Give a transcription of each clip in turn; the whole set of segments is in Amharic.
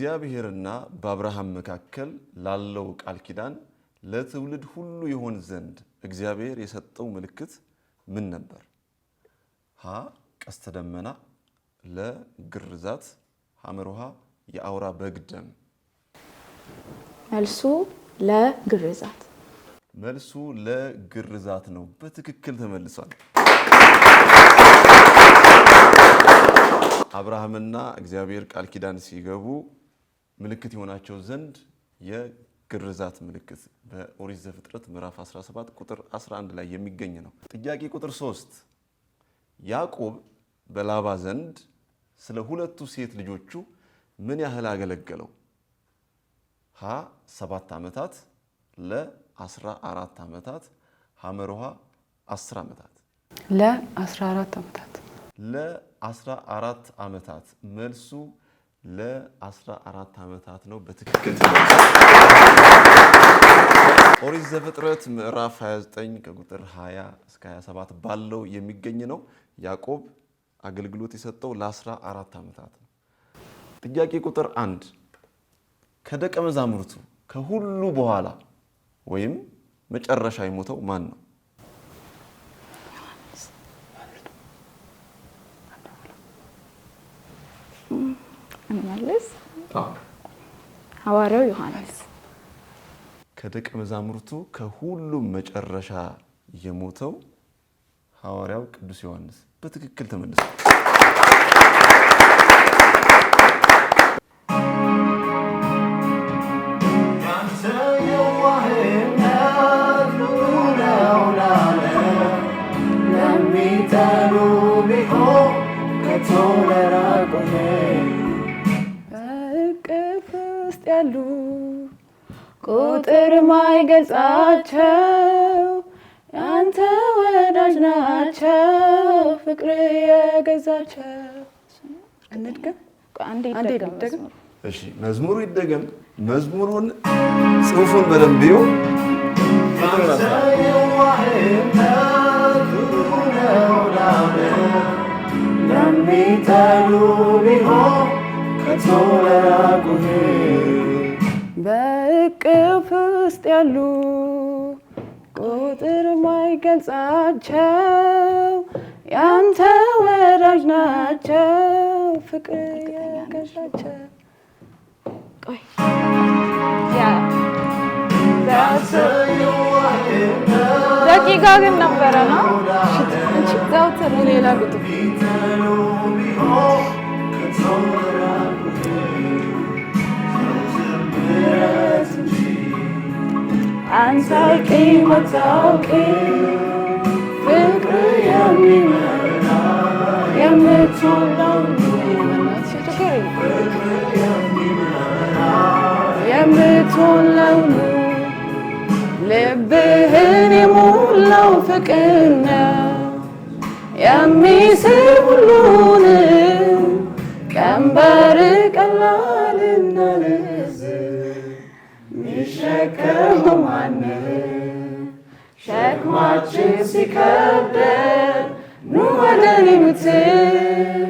በእግዚአብሔርና በአብርሃም መካከል ላለው ቃል ኪዳን ለትውልድ ሁሉ ይሆን ዘንድ እግዚአብሔር የሰጠው ምልክት ምን ነበር? ሀ ቀስተ ደመና፣ ለ ግርዛት፣ የአውራ በግ ደም። መልሱ ለግርዛት መልሱ ለግርዛት ነው። በትክክል ተመልሷል። አብርሃምና እግዚአብሔር ቃል ኪዳን ሲገቡ ምልክት የሆናቸው ዘንድ የግርዛት ምልክት በኦሪት ዘፍጥረት ምዕራፍ 17 ቁጥር 11 ላይ የሚገኝ ነው። ጥያቄ ቁጥር 3 ያዕቆብ በላባ ዘንድ ስለ ሁለቱ ሴት ልጆቹ ምን ያህል አገለገለው? ሀ 7 ዓመታት፣ ለ 14 ዓመታት፣ ሐመርሃ 10 ዓመታት። ለ 14 ዓመታት። ለ 14 ዓመታት መልሱ ለ14 ዓመታት ነው በትክክል ኦሪት ዘፍጥረት ምዕራፍ 29 ከቁጥር 20 እስከ 27 ባለው የሚገኝ ነው። ያዕቆብ አገልግሎት የሰጠው ለ14 ዓመታት ነው። ጥያቄ ቁጥር አንድ ከደቀ መዛሙርቱ ከሁሉ በኋላ ወይም መጨረሻ የሞተው ማን ነው? ዮሐንስ ሐዋርያው ዮሐንስ ከደቀ መዛሙርቱ ከሁሉም መጨረሻ የሞተው ሐዋርያው ቅዱስ ዮሐንስ በትክክል ተመልሷል። የማይገልጻቸው ያንተ ወዳጅ ናቸው ፍቅር የገዛቸው። መዝሙሩ ይደገም። መዝሙሩን ጽሑፉን በደንብ ይው ለሚጠሉ ቢሆን ከቶ ለራቁ በእቅፍ ውስጥ ያሉ ቁጥር ማይገልጻቸው ያንተ ወዳጅ ናቸው ፍቅር ያገዛቸው ደቂቃ ግን ነበረ ነው ሌላ አንሳቂኝ ወጣውቂ ፍቅር የሚመራ የምትወላው የምትወላው ልብህን የሞላው ፍቅር ነው የሚስብ ሁሉን ቀንበር ከህሙማን ሸክማችን ሲከብደን ኑ ወደ እኔ የምትል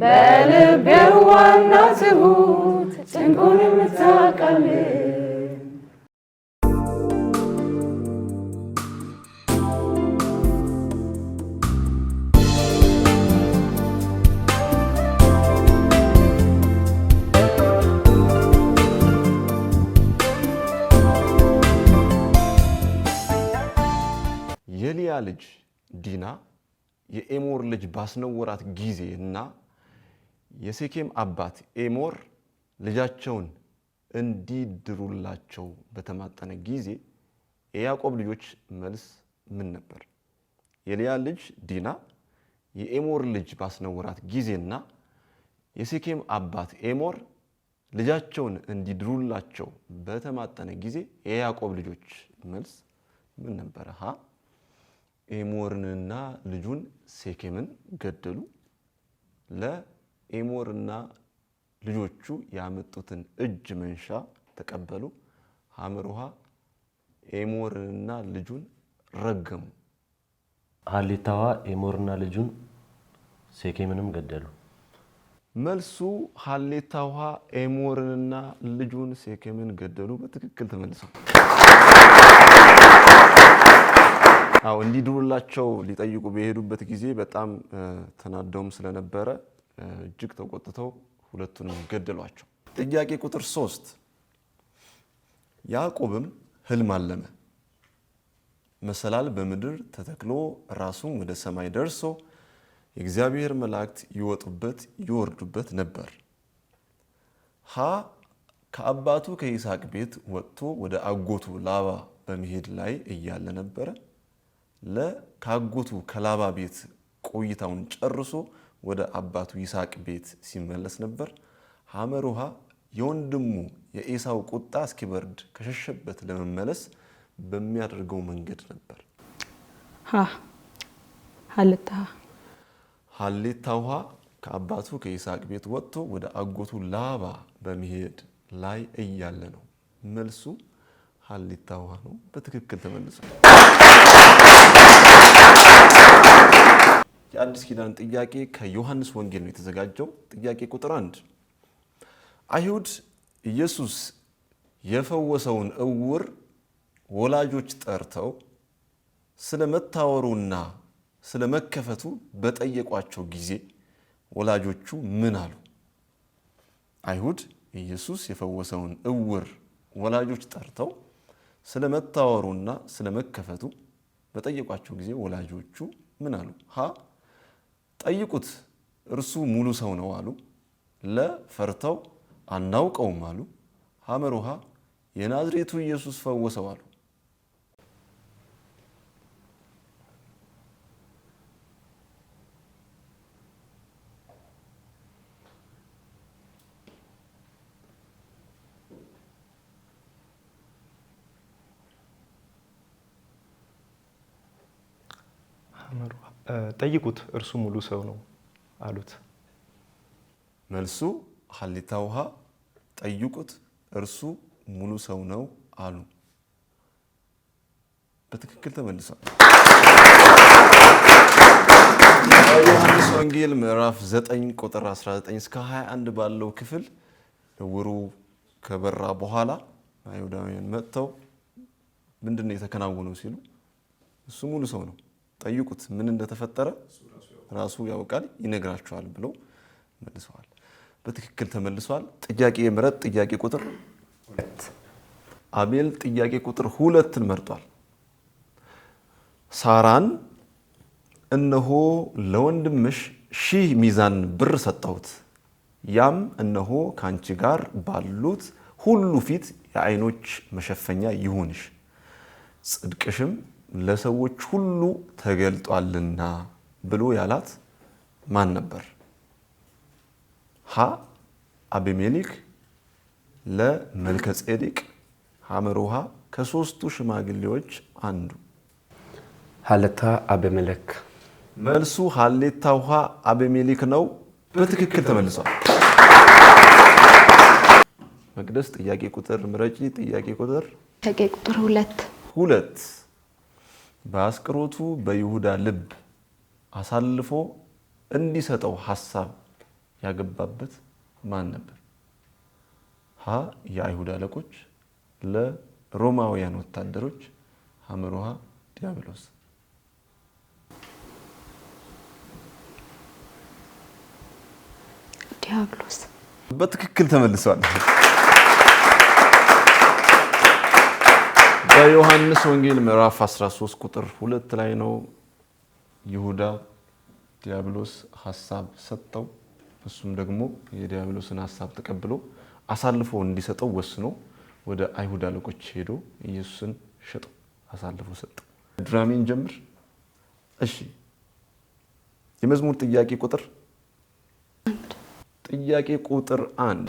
በልብ የዋና ትሁት ጭንቁን የምታቀልል የልያ ልጅ ዲና የኤሞር ልጅ ባስነወራት ጊዜ እና የሴኬም አባት ኤሞር ልጃቸውን እንዲድሩላቸው በተማጠነ ጊዜ የያዕቆብ ልጆች መልስ ምን ነበር? የልያ ልጅ ዲና የኤሞር ልጅ ባስነወራት ጊዜና የሴኬም አባት ኤሞር ልጃቸውን እንዲድሩላቸው በተማጠነ ጊዜ የያዕቆብ ልጆች መልስ ምን ነበረ? ኤሞርንና ልጁን ሴኬምን ገደሉ። ለኤሞርና ልጆቹ ያመጡትን እጅ መንሻ ተቀበሉ። ሐመር ውሃ ኤሞርንና ልጁን ረገሙ። ሀሌታዋ ኤሞርና ልጁን ሴኬምንም ገደሉ። መልሱ ውሃ ኤሞርንና ልጁን ሴኬምን ገደሉ በትክክል ተመልሷል። አዎ እንዲድሩላቸው ሊጠይቁ በሄዱበት ጊዜ በጣም ተናደውም ስለነበረ እጅግ ተቆጥተው ሁለቱንም ገደሏቸው። ጥያቄ ቁጥር ሶስት ያዕቆብም ህልም አለመ። መሰላል በምድር ተተክሎ ራሱም ወደ ሰማይ ደርሶ የእግዚአብሔር መላእክት ይወጡበት ይወርዱበት ነበር። ሀ ከአባቱ ከይስሐቅ ቤት ወጥቶ ወደ አጎቱ ላባ በመሄድ ላይ እያለ ነበረ። ለካጎቱ ከላባ ቤት ቆይታውን ጨርሶ ወደ አባቱ ይስሐቅ ቤት ሲመለስ ነበር። ሐመር ውሃ የወንድሙ የኤሳው ቁጣ እስኪበርድ ከሸሸበት ለመመለስ በሚያደርገው መንገድ ነበር። ሀሌታ ውሃ ከአባቱ ከይስሐቅ ቤት ወጥቶ ወደ አጎቱ ላባ በመሄድ ላይ እያለ ነው መልሱ ሀሊታ ውሃ ነው። በትክክል ተመልሷል። የአዲስ ኪዳን ጥያቄ ከዮሐንስ ወንጌል ነው የተዘጋጀው። ጥያቄ ቁጥር አንድ አይሁድ ኢየሱስ የፈወሰውን እውር ወላጆች ጠርተው ስለ መታወሩና ስለ መከፈቱ በጠየቋቸው ጊዜ ወላጆቹ ምን አሉ? አይሁድ ኢየሱስ የፈወሰውን እውር ወላጆች ጠርተው ስለ መታወሩና ስለ መከፈቱ በጠየቋቸው ጊዜ ወላጆቹ ምን አሉ? ሀ ጠይቁት እርሱ ሙሉ ሰው ነው አሉ። ለ ፈርተው አናውቀውም አሉ። ሐመር ውሃ የናዝሬቱ ኢየሱስ ፈወሰው አሉ። ጠይቁት፣ እርሱ ሙሉ ሰው ነው አሉት። መልሱ ሀሊታ ውሃ ጠይቁት፣ እርሱ ሙሉ ሰው ነው አሉ። በትክክል ተመልሷል። ዮሐንስ ወንጌል ምዕራፍ 9 ቁጥር 19 እስከ 21 ባለው ክፍል ውሩ ከበራ በኋላ አይሁዳውያን መጥተው ምንድን ነው የተከናወነው ሲሉ እሱ ሙሉ ሰው ነው ጠይቁት፣ ምን እንደተፈጠረ ራሱ ያውቃል ይነግራቸዋል ብለው መልሰዋል። በትክክል ተመልሰዋል። ጥያቄ የምረጥ ጥያቄ ቁጥር ሁለት አቤል ጥያቄ ቁጥር ሁለትን መርጧል። ሳራን እነሆ ለወንድምሽ ሺህ ሚዛን ብር ሰጠሁት፣ ያም እነሆ ከአንቺ ጋር ባሉት ሁሉ ፊት የአይኖች መሸፈኛ ይሁንሽ ጽድቅሽም ለሰዎች ሁሉ ተገልጧልና ብሎ ያላት ማን ነበር? ሀ አቢሜሌክ ለመልከ ጼዴቅ ሐመር ውሃ ከሶስቱ ሽማግሌዎች አንዱ። ሀለታ አቢሜሌክ። መልሱ ሀሌታ ውሃ አቢሜሌክ ነው። በትክክል ተመልሷል። መቅደስ ጥያቄ ቁጥር ምረጪ። ጥያቄ ቁጥር ሁለት ሁለት በአስቆሮቱ በይሁዳ ልብ አሳልፎ እንዲሰጠው ሀሳብ ያገባበት ማን ነበር? ሀ የአይሁድ አለቆች፣ ለሮማውያን ወታደሮች፣ ሐመሮሃ ዲያብሎስ። ዲያብሎስ በትክክል ተመልሰዋል። በዮሐንስ ወንጌል ምዕራፍ 13 ቁጥር ሁለት ላይ ነው። ይሁዳ ዲያብሎስ ሀሳብ ሰጠው። እሱም ደግሞ የዲያብሎስን ሀሳብ ተቀብሎ አሳልፎ እንዲሰጠው ወስኖ ወደ አይሁድ አለቆች ሄዶ ኢየሱስን ሸጠው፣ አሳልፎ ሰጠው። ድራሜን ጀምር። እሺ፣ የመዝሙር ጥያቄ ቁጥር ጥያቄ ቁጥር አንድ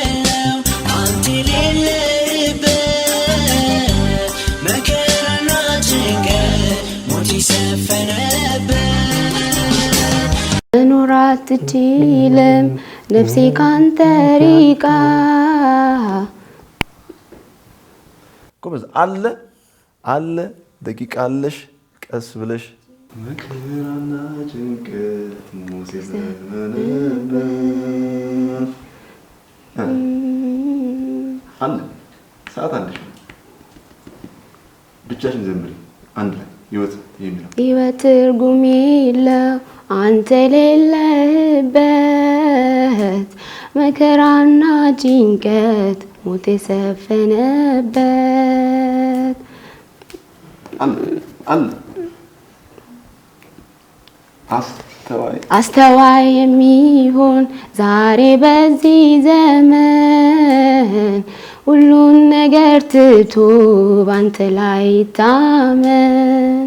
አትችልም ነፍሴ ካንተ ሪቃ። አለ አለ ደቂቃ አለሽ ቀስ ብለሽ መከራና ጭንቀት ሙሴ ዘመነበት አለ ሰዓት አለሽ ብቻሽን ዘምሪ አንድ ላይ ህይወት የሚለው ህይወት ትርጉም የለው አንተ የሌለህበት መከራና ጭንቀት ሞት የሰፈነበት አስተዋይ የሚሆን ዛሬ በዚህ ዘመን ሁሉን ነገር ትቶ ባንተ ላይ ይታመን።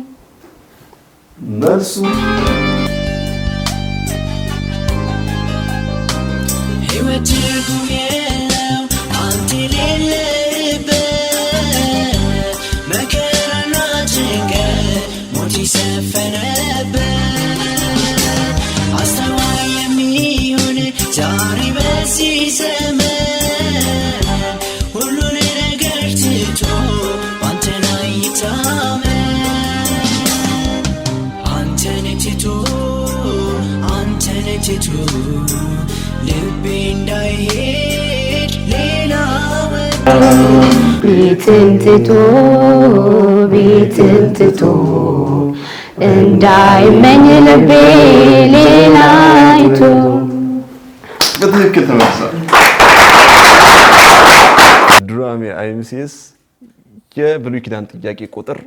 ሰፈረበት አስተዋይ የሚሆን ዛሬ በዚህ ሁሉን ነገር ትቶ አንተን ልቤ እንዳይሄድ ሌላ ቤትን ትቶ ቤትን ትቶ እንዳይመኝ ልቤ ሌላይቱ በትክክል ተመልሷል። ዱራሜ የብሉይ ኪዳን ጥያቄ ቁጥር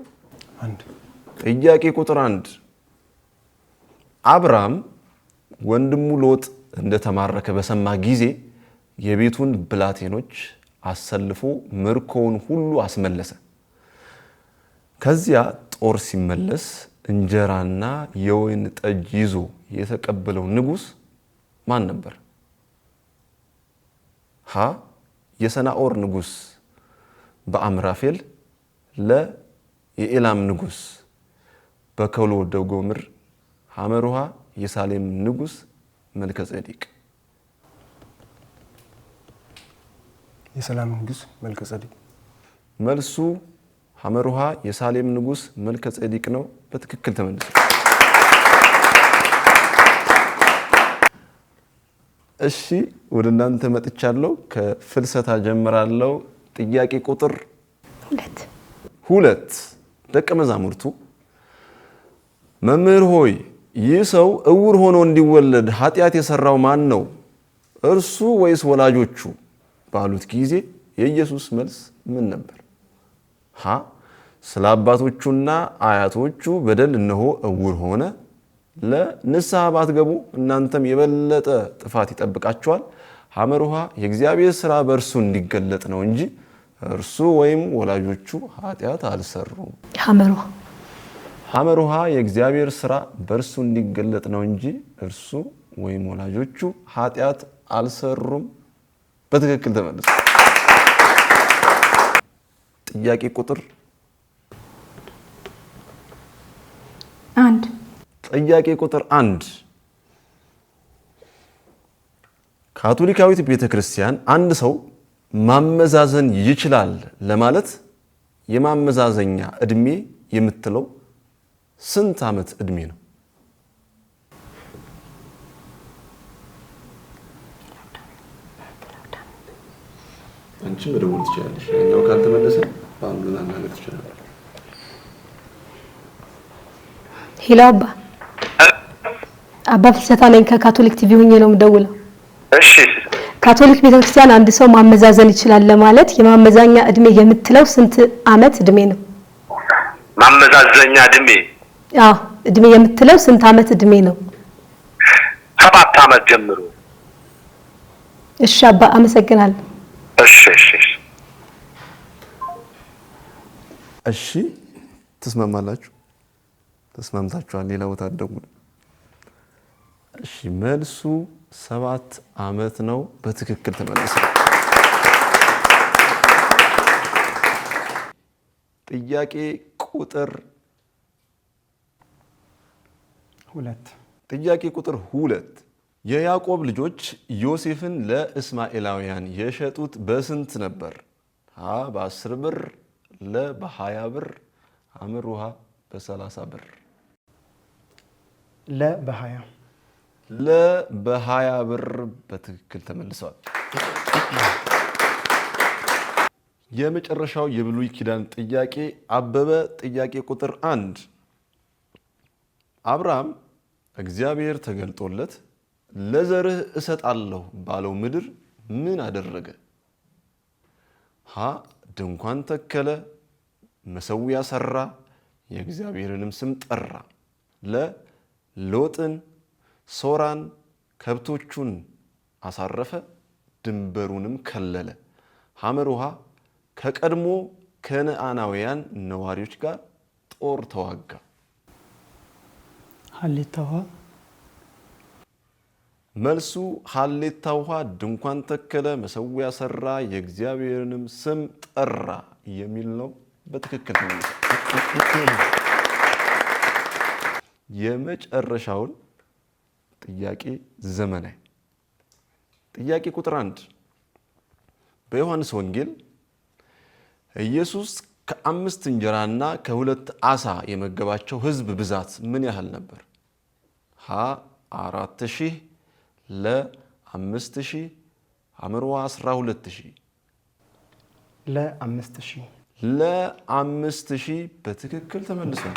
ጥያቄ ቁጥር አንድ አብርሃም ወንድሙ ሎጥ እንደተማረከ በሰማ ጊዜ የቤቱን ብላቴኖች አሰልፎ ምርኮውን ሁሉ አስመለሰ። ከዚያ ጦር ሲመለስ እንጀራና የወይን ጠጅ ይዞ የተቀበለው ንጉሥ ማን ነበር? ሀ የሰናኦር ንጉሥ በአምራፌል፣ ለ የኤላም ንጉሥ በከሎ ደጎምር፣ ሐመር የሳሌም ንጉሥ መልከ ጼዴቅ። የሰላም ንጉሥ መልከ ጼዴቅ መልሱ ሐመሩሃ የሳሌም ንጉስ መልከ ጼዴቅ ነው። በትክክል ተመልሰ። እሺ ወደ እናንተ መጥቻለሁ። ከፍልሰታ ጀምራለሁ። ጥያቄ ቁጥር ሁለት ደቀ መዛሙርቱ መምህር ሆይ ይህ ሰው እውር ሆኖ እንዲወለድ ኃጢአት የሰራው ማን ነው? እርሱ ወይስ ወላጆቹ? ባሉት ጊዜ የኢየሱስ መልስ ምን ነበር? ሀ ስለ አባቶቹና አያቶቹ በደል እነሆ እውር ሆነ። ለንስሐ ባትገቡ እናንተም የበለጠ ጥፋት ይጠብቃችኋል። ሐመር ውሃ የእግዚአብሔር ስራ በእርሱ እንዲገለጥ ነው እንጂ እርሱ ወይም ወላጆቹ ኃጢአት አልሰሩም። ሐመር ውሃ የእግዚአብሔር ስራ በእርሱ እንዲገለጥ ነው እንጂ እርሱ ወይም ወላጆቹ ኃጢአት አልሰሩም። በትክክል ተመልሷል። ጥያቄ ቁጥር አንድ ጥያቄ ቁጥር አንድ ካቶሊካዊት ቤተ ክርስቲያን አንድ ሰው ማመዛዘን ይችላል ለማለት የማመዛዘኛ እድሜ የምትለው ስንት ዓመት እድሜ ነው? አንቺም መደወል ትችላለሽ። ያኛው ካልተመለሰ በአሁኑ ማናገር ትችላለህ። ሄሎ አባ አባ ፍልሰታ ነኝ። ከካቶሊክ ቲቪ ሆኜ ነው የምደውለው። እሺ ካቶሊክ ቤተክርስቲያን አንድ ሰው ማመዛዘን ይችላል ለማለት የማመዛኛ እድሜ የምትለው ስንት አመት እድሜ ነው? ማመዛዘኛ እድሜ አዎ፣ እድሜ የምትለው ስንት አመት እድሜ ነው? ሰባት አመት ጀምሮ። እሺ አባ አመሰግናለሁ። እሺ እሺ እሺ ትስማማላችሁ? ተስማምታችኋል። ሌላ ቦታ አትደውሉ። እሺ መልሱ ሰባት አመት ነው። በትክክል ተመለሰ። ጥያቄ ቁጥር ሁለት ጥያቄ ቁጥር ሁለት የያዕቆብ ልጆች ዮሴፍን ለእስማኤላውያን የሸጡት በስንት ነበር? ሀ በአስር ብር፣ በ20 ብር አምር ውሃ በ30 ብር ለበሀያ 20 ብር በትክክል ተመልሰዋል። የመጨረሻው የብሉይ ኪዳን ጥያቄ አበበ ጥያቄ ቁጥር አንድ አብርሃም እግዚአብሔር ተገልጦለት ለዘርህ እሰጣለሁ ባለው ምድር ምን አደረገ? ሀ ድንኳን ተከለ፣ መሰዊያ ሰራ፣ የእግዚአብሔርንም ስም ጠራ። ለሎጥን ሶራን ከብቶቹን አሳረፈ፣ ድንበሩንም ከለለ። ሐመር ውሃ ከቀድሞ ከነአናውያን ነዋሪዎች ጋር ጦር ተዋጋ። ሀሌታ ውሃ መልሱ ሀሌታ ውሃ ድንኳን ተከለ፣ መሰዊያ ሰራ፣ የእግዚአብሔርንም ስም ጠራ የሚል ነው። በትክክል የመጨረሻውን ጥያቄ ዘመናዊ ጥያቄ ቁጥር አንድ በዮሐንስ ወንጌል ኢየሱስ ከአምስት እንጀራና ከሁለት አሳ የመገባቸው ህዝብ ብዛት ምን ያህል ነበር? ሀ አራት ሺህ ለአምስት ሺህ አምርዋ አስራ ሁለት ሺህ ለአምስት ለአምስት ሺህ በትክክል ተመልሷል።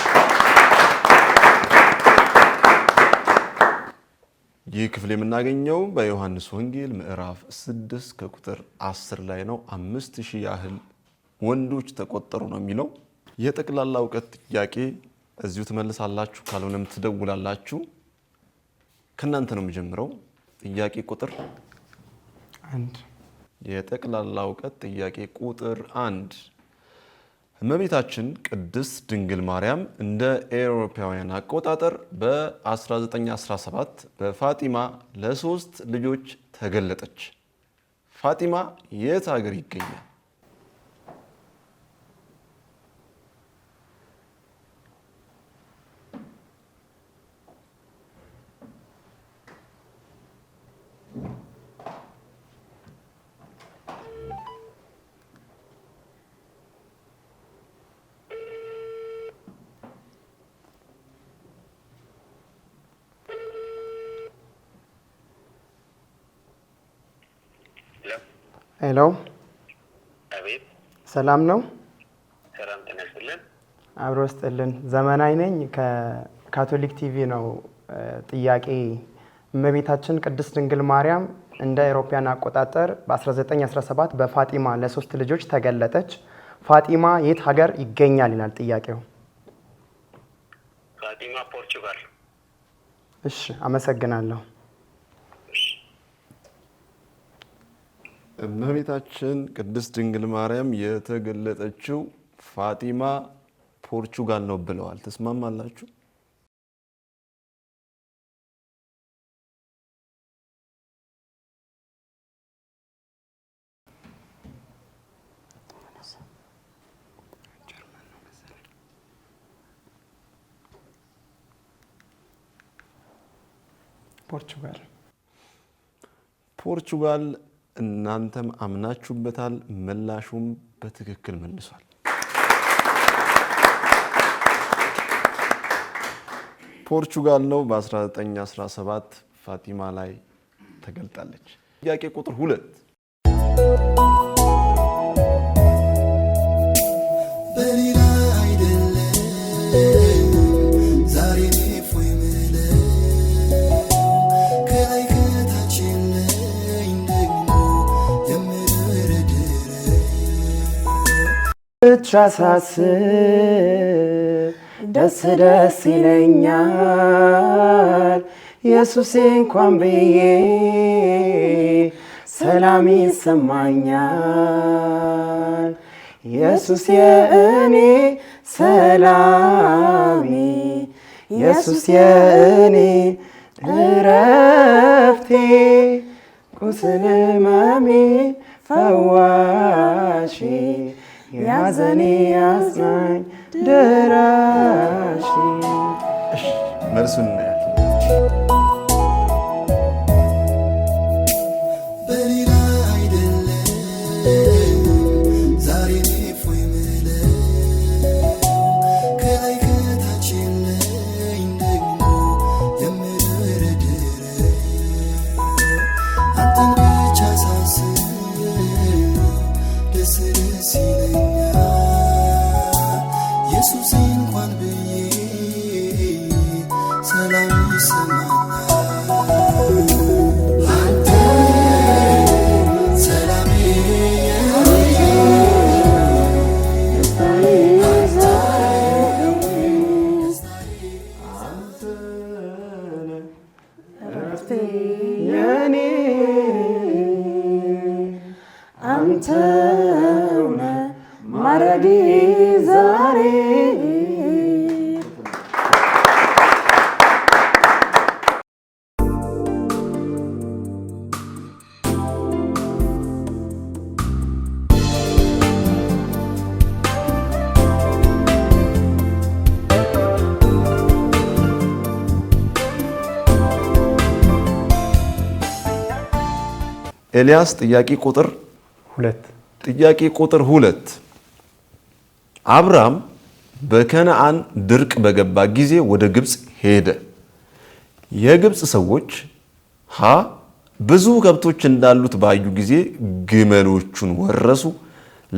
ይህ ክፍል የምናገኘው በዮሐንስ ወንጌል ምዕራፍ 6 ከቁጥር 10 ላይ ነው። አምስት ሺህ ያህል ወንዶች ተቆጠሩ ነው የሚለው። የጠቅላላ እውቀት ጥያቄ እዚሁ ትመልሳላችሁ፣ ካልሆነም ትደውላላችሁ። ከእናንተ ነው የምጀምረው። ጥያቄ ቁጥር አንድ የጠቅላላ እውቀት ጥያቄ ቁጥር አንድ እመቤታችን ቅድስት ድንግል ማርያም እንደ ኤውሮፓውያን አቆጣጠር በ1917 በፋጢማ ለሶስት ልጆች ተገለጠች። ፋጢማ የት ሀገር ይገኛል? ሄሎ፣ አቤት። ሰላም ነው? ሰላም ተነስልን። አብሮ ስጥልን። ዘመናዊ ነኝ። ከካቶሊክ ቲቪ ነው። ጥያቄ እመቤታችን ቅድስት ድንግል ማርያም እንደ አውሮፓውያን አቆጣጠር በ1917 በፋጢማ ለሶስት ልጆች ተገለጠች። ፋጢማ የት ሀገር ይገኛል ይላል ጥያቄው። ፋጢማ ፖርቹጋል። እሺ፣ አመሰግናለሁ። እመቤታችን ቅድስት ድንግል ማርያም የተገለጠችው ፋጢማ ፖርቹጋል ነው ብለዋል። ተስማማላችሁ ፖርቹጋል እናንተም አምናችሁበታል፣ ምላሹም በትክክል መልሷል። ፖርቹጋል ነው። በ1917 ፋቲማ ላይ ተገልጣለች። ጥያቄ ቁጥር ሁለት ስታሳስብ ደስ ደስ ይለኛል ኢየሱሴ እንኳን ብዬ ሰላም ይሰማኛል ኢየሱስ የእኔ ሰላሚ ኢየሱስ የእኔ እረፍቴ ቁስል መሜ ፈዋሼ ያዘኔ አጽናኝ ደራሽ መልሱን ኤልያስ ጥያቄ ቁጥር ሁለት ጥያቄ ቁጥር ሁለት አብርሃም በከነአን ድርቅ በገባ ጊዜ ወደ ግብፅ ሄደ። የግብፅ ሰዎች ሀ ብዙ ከብቶች እንዳሉት ባዩ ጊዜ ግመሎቹን ወረሱ።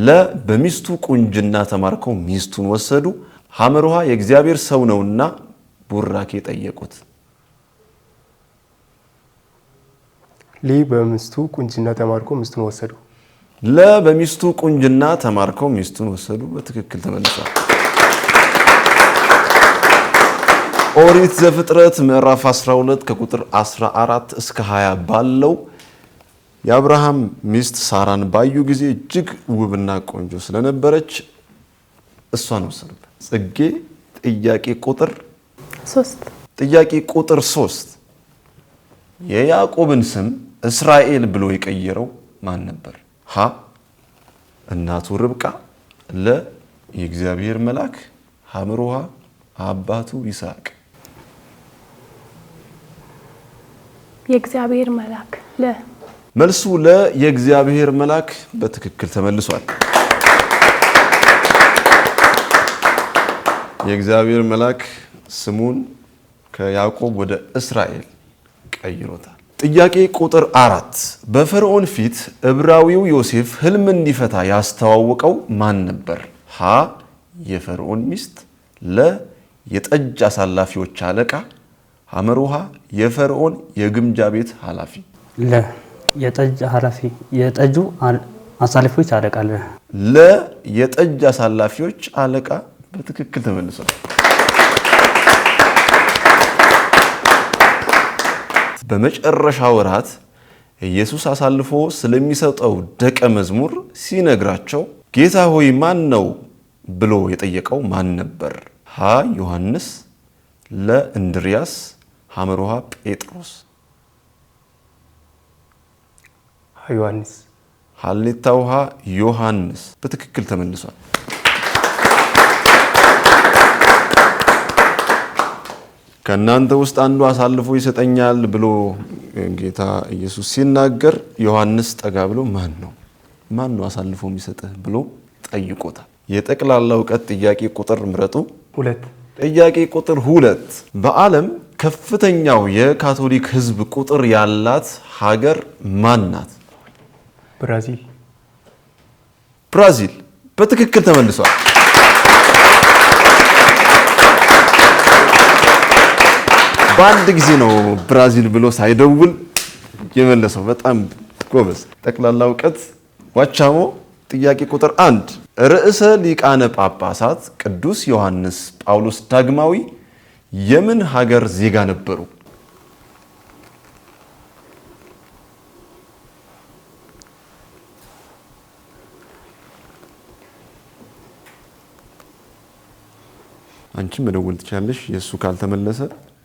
ለ በሚስቱ ቁንጅና ተማርከው ሚስቱን ወሰዱ። ሀመር ውሃ የእግዚአብሔር ሰው ነውና ቡራኬ ጠየቁት። ሊ በሚስቱ ቁንጅና ተማርኮ ሚስቱን ወሰዱ። ለ በሚስቱ ቁንጅና ተማርኮ ሚስቱን ወሰዱ። በትክክል ተመልሷል። ኦሪት ዘፍጥረት ምዕራፍ 12 ከቁጥር 14 እስከ 20 ባለው የአብርሃም ሚስት ሳራን ባዩ ጊዜ እጅግ ውብና ቆንጆ ስለነበረች እሷን ወሰዱበት። ጽጌ ጥያቄ ቁጥር ሶስት ጥያቄ ቁጥር ሶስት የያዕቆብን ስም እስራኤል ብሎ የቀየረው ማን ነበር? ሀ እናቱ ርብቃ፣ ለ የእግዚአብሔር መልአክ፣ ሐምሮሃ አባቱ ይስሐቅ። የእግዚአብሔር መልአክ ለ መልሱ ለ የእግዚአብሔር መልአክ በትክክል ተመልሷል። የእግዚአብሔር መልአክ ስሙን ከያዕቆብ ወደ እስራኤል ቀይሮታል። ጥያቄ ቁጥር አራት በፈርዖን ፊት ዕብራዊው ዮሴፍ ህልም እንዲፈታ ያስተዋወቀው ማን ነበር? ሀ የፈርዖን ሚስት፣ ለ የጠጅ አሳላፊዎች አለቃ፣ ሐመር የፈርዖን የግምጃ ቤት ኃላፊ። ለ የጠጅ ኃላፊ የጠጁ አሳላፊዎች አለቃ ለ የጠጅ አሳላፊዎች አለቃ በትክክል ተመልሷል። በመጨረሻው ወራት ኢየሱስ አሳልፎ ስለሚሰጠው ደቀ መዝሙር ሲነግራቸው ጌታ ሆይ ማን ነው ብሎ የጠየቀው ማን ነበር? ሀ ዮሐንስ፣ ለ እንድርያስ፣ ሐመሮሃ ጴጥሮስ። ሀ ዮሐንስ፣ ሀሌታ ውሃ ዮሐንስ በትክክል ተመልሷል። ከእናንተ ውስጥ አንዱ አሳልፎ ይሰጠኛል ብሎ ጌታ ኢየሱስ ሲናገር ዮሐንስ ጠጋ ብሎ ማን ነው ማን ነው አሳልፎ የሚሰጥህ ብሎ ጠይቆታል። የጠቅላላ እውቀት ጥያቄ ቁጥር ምረጡ ሁለት ጥያቄ ቁጥር ሁለት በዓለም ከፍተኛው የካቶሊክ ሕዝብ ቁጥር ያላት ሀገር ማን ናት? ብራዚል። ብራዚል በትክክል ተመልሷል። በአንድ ጊዜ ነው ብራዚል ብሎ ሳይደውል የመለሰው። በጣም ጎበዝ። ጠቅላላ እውቀት ዋቻሞ ጥያቄ ቁጥር አንድ ርዕሰ ሊቃነ ጳጳሳት ቅዱስ ዮሐንስ ጳውሎስ ዳግማዊ የምን ሀገር ዜጋ ነበሩ? አንቺም መደወል ትችላለሽ። የእሱ ካልተመለሰ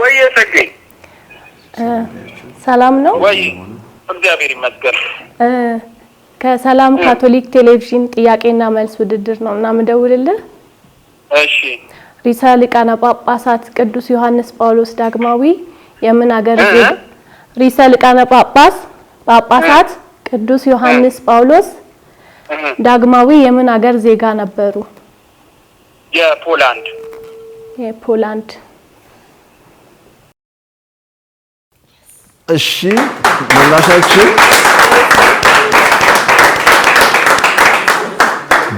ወይ የጸገኝ ሰላም ነው ወይ? እግዚአብሔር ይመስገን። ከሰላም ካቶሊክ ቴሌቪዥን ጥያቄና መልስ ውድድር ነው እና ምደውልልህ። እሺ ሪሳ ሊቃነ ጳጳሳት ቅዱስ ዮሐንስ ጳውሎስ ዳግማዊ የምን አገር ዜጋ? ሪሳ ሊቃነ ጳጳስ ጳጳሳት ቅዱስ ዮሐንስ ጳውሎስ ዳግማዊ የምን አገር ዜጋ ነበሩ? የፖላንድ የፖላንድ እሺ ምላሻችን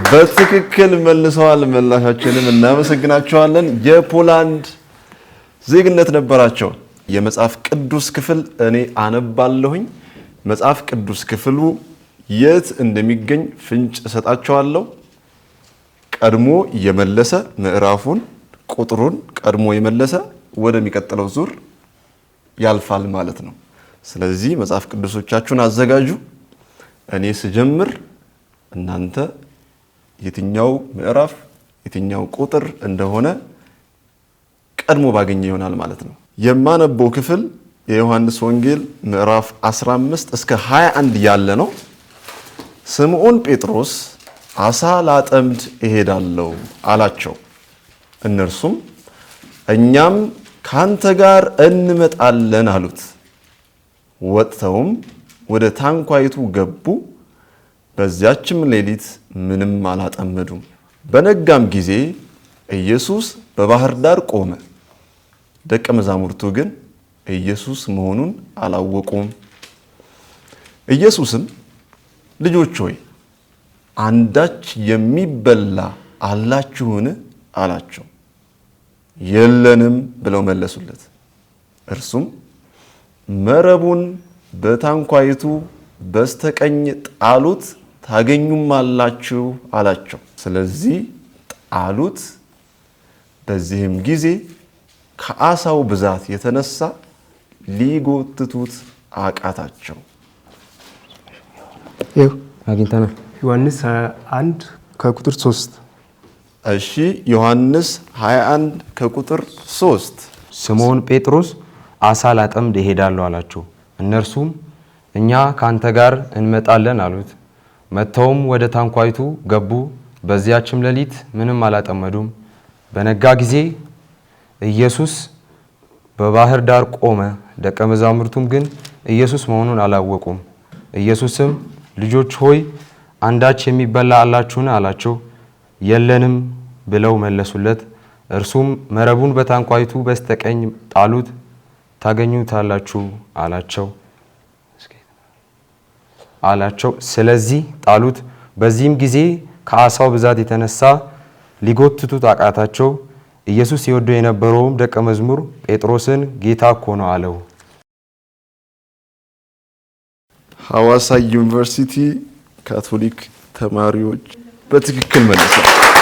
በትክክል መልሰዋል። መላሻችንም እናመሰግናቸዋለን። የፖላንድ ዜግነት ነበራቸው። የመጽሐፍ ቅዱስ ክፍል እኔ አነባለሁኝ። መጽሐፍ ቅዱስ ክፍሉ የት እንደሚገኝ ፍንጭ እሰጣቸዋለሁ። ቀድሞ የመለሰ ምዕራፉን ቁጥሩን ቀድሞ የመለሰ ወደሚቀጥለው ዙር ያልፋል ማለት ነው። ስለዚህ መጽሐፍ ቅዱሶቻችሁን አዘጋጁ። እኔ ስጀምር እናንተ የትኛው ምዕራፍ የትኛው ቁጥር እንደሆነ ቀድሞ ባገኘ ይሆናል ማለት ነው። የማነበው ክፍል የዮሐንስ ወንጌል ምዕራፍ 15 እስከ 21 ያለ ነው። ስምዖን ጴጥሮስ አሳ ላጠምድ እሄዳለሁ አላቸው። እነርሱም እኛም ከአንተ ጋር እንመጣለን አሉት። ወጥተውም ወደ ታንኳይቱ ገቡ። በዚያችም ሌሊት ምንም አላጠመዱም። በነጋም ጊዜ ኢየሱስ በባህር ዳር ቆመ። ደቀ መዛሙርቱ ግን ኢየሱስ መሆኑን አላወቁም። ኢየሱስም ልጆች ሆይ አንዳች የሚበላ አላችሁን? አላቸው። የለንም ብለው መለሱለት። እርሱም መረቡን በታንኳይቱ በስተቀኝ ጣሉት ታገኙማላችሁ አላቸው። ስለዚህ ጣሉት። በዚህም ጊዜ ከአሳው ብዛት የተነሳ ሊጎትቱት አቃታቸው። አግኝተናል። ዮሐንስ 1 ከቁጥር 3 እሺ ዮሐንስ 21 ከቁጥር 3 ስምዖን ጴጥሮስ አሳ ላጠምድ እሄዳለሁ አላቸው። እነርሱም እኛ ካንተ ጋር እንመጣለን አሉት። መጥተውም ወደ ታንኳይቱ ገቡ። በዚያችም ሌሊት ምንም አላጠመዱም። በነጋ ጊዜ ኢየሱስ በባህር ዳር ቆመ። ደቀ መዛሙርቱም ግን ኢየሱስ መሆኑን አላወቁም። ኢየሱስም ልጆች ሆይ አንዳች የሚበላ አላችሁን? አላቸው የለንም ብለው መለሱለት። እርሱም መረቡን በታንኳይቱ በስተቀኝ ጣሉት፣ ታገኙታላችሁ አላቸው አላቸው። ስለዚህ ጣሉት። በዚህም ጊዜ ከአሳው ብዛት የተነሳ ሊጎትቱት አቃታቸው። ኢየሱስ ይወደው የነበረውም ደቀ መዝሙር ጴጥሮስን ጌታ እኮ ነው አለው። ሐዋሳ ዩኒቨርሲቲ ካቶሊክ ተማሪዎች በትክክል መልሰው